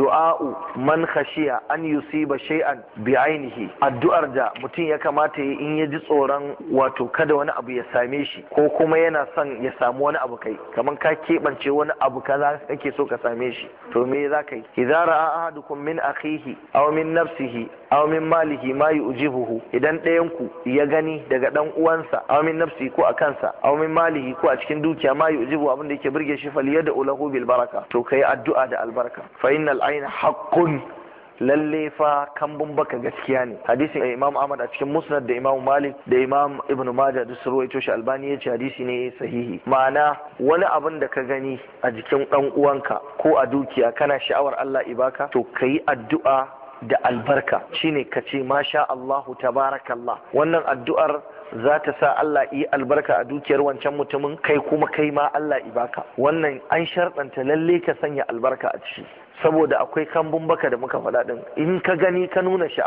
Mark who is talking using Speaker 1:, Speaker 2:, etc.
Speaker 1: du'a'u man khashiya an yusiba shay'an bi ainihi addu'ar da mutum ya kamata ya in ya ji tsoron wato kada wani abu ya same shi ko kuma yana son ya samu wani abu kai kamar ka keɓance wani abu kaza kake so ka same shi to me za ka yi idza ra'a ahadukum min akhihi aw min nafsihi aw min malihi ma yujibuhu idan ɗayan ku ya gani daga dan uwansa aw min nafsi ko a kansa aw min malihi ko a cikin dukiya ma yujibu abin da yake burge shi falyada ulahu bil baraka to kai addu'a da albarka fa innal Ain hakkun lalle fa kambun baka gaskiya ne hadisin imam ahmad a cikin musnad da imam malik da imam ibn majah da suru ruwaito shi albani yace hadisi ne sahihi ma'ana wani abin da ka gani a jikin dan uwanka ko a dukiya kana sha'awar Allah ibaka to kayi addu'a da albarka shine ka ce masha Allahu tabarakallah wannan addu'ar za ta sa Allah yi albarka a dukiyar wancan mutumin kai kuma kai ma Allah baka? wannan an sharɗanta lalle ka sanya albarka a ciki saboda akwai kambun baka da muka faɗa ɗin in ka gani ka nuna sha